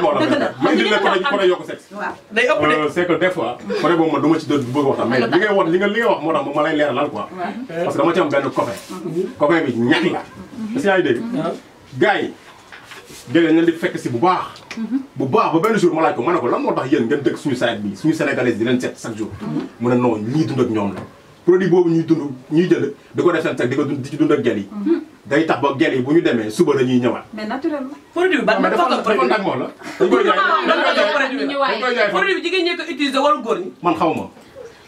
dëgg la xam nga li nga yokk sexe. waaw day ëpp de euh, c'est que des fois. côté boobu man ma ci doon bëgg waxtaan li ngay wax li nga li nga wax moo tax ma lay leeralal quoi. parce que dama ci benn copain. copain bi ñax la. est-ce que yaa ngi dégg. gars yi déedéet ñu di fekk si bu baax. bu baax ba benn jour ma laaj ko ma ne ko lan moo tax yéen ngeen dëkk suñu saay bi suñu sénégalais di leen seet chaque jour. Mm-hmm. mu ne non ñii dund ak ñoom la produit boobu ñuy dund ñuy jënd di ko def seen sax di ko dund di ak gel yi. day tax ba gel yi bu ñu demee suba dañuy ñëwaat. mais naturellement. produit bi ban ban façon produit bi moom la. dañ koy jaay produit bi jigéen ñi ko utiliser wala góor ñi. man xaw ma.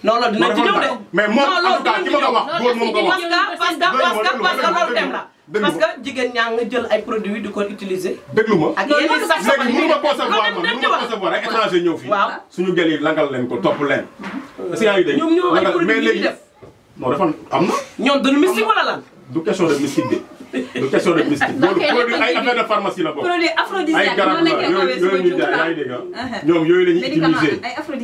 non loolu dinañ ci ñëw de. mais moom en tout cas ki ma ko wax góor moom ko wax. parce que parce que parce que loolu dem la. parce que jigéen ñaa nga jël ay produits di ko utiliser. déglu ma ak yéen i sax léegi mënu ma concevoir man mënu ma concevoir ay étranger ñëw fii. waaw suñu gel yi langal leen ko topp leen. Euh, si yaa ngi dégg ñoom ñoo ay produits yi def. non dafa am na. ñoom dañu mystique wala lan. du question de mystique de du question de mystique. loolu produit ay affaire de pharmacie la bokk. produit aphrodisiaque ay garab la yooyu yooyu ñu jaay yaa ngi dégg ñoom yooyu la ñuy utiliser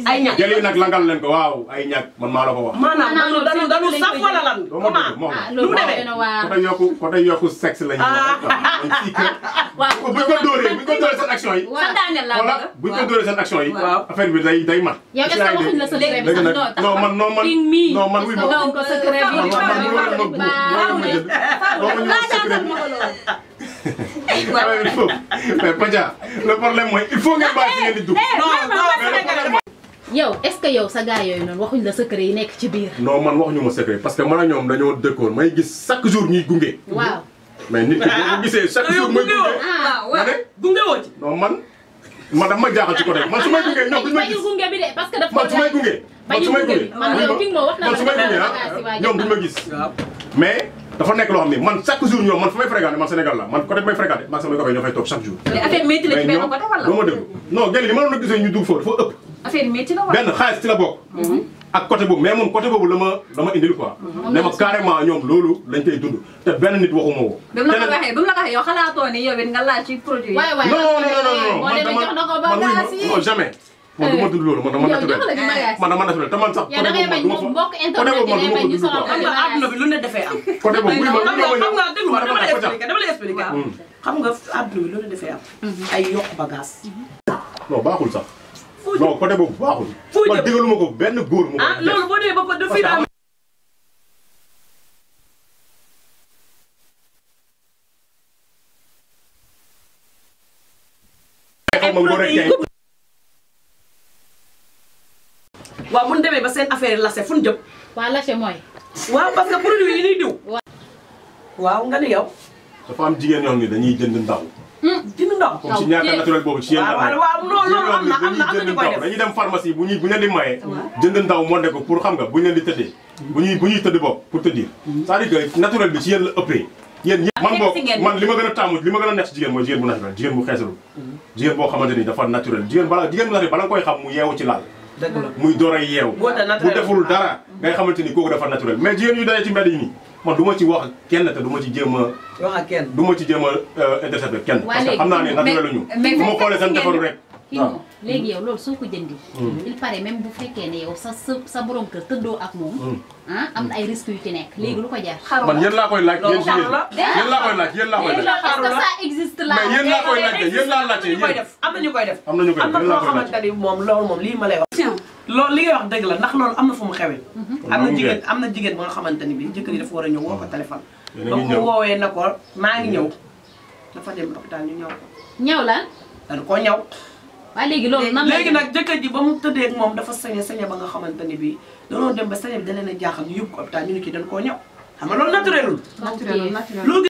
ay ñàkk jëlee nag langal leen ko waaw ay ñàkk man maa la ko wax. maanaam danu danu saf wala lan. comment lu mu demee côté yokku côté yokku sexe la ñu wax. buñ ko dóoree buñ ko dóoree seen action yi. sa daaneel laa bëgg a buñ ko dóoree seen action yi. affaire bi day day mat. yow est-ce que waxuñ la sa secret bi sax non man non man non man. wuy ma non man wuy ma non man tàmbal ma ko lool. il faut mais Paja le problème mooy il faut ngeen bàyyi si ngeen di dugg. yow est ce que yow sa gars yooyu noonu waxuñ la secret yi nekk ci biir. non man waxuñu ma secret parce que man ak ñoom dañoo dëkkoon may gis chaque jour ñuy gunge. waaw mais nit ki boo gisee chaque jour may gunge. Ah. waaw waaw gunge woo ci. non man man dafa ma jaaxal ci côté man su may gunge ñoom duñ ma gis gunge bi de parce que dafa man su may gunge. man su may gunge man yow ki nga wax na la ah. ñoom duñ ma gis mais. dafa nekk loo xam man chaque jour ñoom man fréquenté man Sénégal la man côté man fay chaque jour. affaire la wala. non ma la ñu dugg ëpp. affaire la wala ci ak côté mais côté bobu la ma quoi. ma carrément lañ nit la la ni yow nga ci non non non non jamais man du ma dund loolu man dama naturel man dama naturel te man sax côté boobu man du ma ko àdduna bi lu ne dafay am côté boobu buy ma xam nga déglu ma dama lay expliqué dama lay expliqué xam nga àdduna bi lu ne dafay am mhm. ay yokk bagage mm-hmm. non baaxul sax non côté boobu baaxul man digaluma ko benn góor mu ah loolu boo dee ba ko dafay am xaw ma ngóor ak wa mun deme ba sen affaire lase fu ñu wa waaw lase mooy. parce que produit yi ni diw. wa nga ni yow. dafa am jigéen yoo xam dañuy jënd ndaw. Hmm, jënd ndaw comme si ñaata naturel boobu ci yéen. waaw waaw loolu loolu am na am na am na koy def dañuy dem pharmacie bu ñuy bu ñu di maye. jënd ndaw moo ne pour xam nga bu ñu di tëddee. Hmm. bu ñuy bu ñuy tëdd bopp pour te dire. cest à que naturel bi ci yéen la man man bu naturel bu hmm. dafa naturel bala bu naturel bala koy xam mu ci muy door a yeew bu deful dara ngay xamante ni kooku dafa naturel mais jigéen yu dayee ci mbedd yi nii man du ma ci wax kenn te du ma ci jéem a wax ak ma ci jéem a euh, intercepter kenn parce que xam naa ne naturel la ñu bu ma xoolee seen defaru rek kii moom léegi yow loolu soo ko jëndi hmm. il paraît même bu fekkee ne yow sa sa sa borom kër tëddoo ak moom hmm. ah am na ay risques yu ci nekk hmm. léegi lu ko jaar man yéen laa koy laaj yéen si yéen laa koy laaj yéen laa koy laaj parce que ça existe là mais yéen laa koy laaj yéen laa laaj yéen koy def am na ñu koy def am na ñu koy def am na loo xamante ni moom loolu moom lii ma lay wax loolu li ngay wax dëgg la ndax loolu am na fu mu xewee mhm. am na jigéen am na jigéen ba nga xamante ni bi jëkkër yi dafa war a ñëw woo ko téléphone ba mu woowee na ko maa ngi ñëw dafa dem hôpital ñu ñëw ko ñëw lan dañ koo ñëw waaye léegi loolu nan léegi nag jëkkër ji ba mu tëddee ak moom dafa sañe sañe ba nga xamante ne bii danoo dem ba sañe bi da leen a jaaxal ñu yóbbu ko hôpital ñu ne kii dañ koo ñëw xam nga loolu naturelul naturelul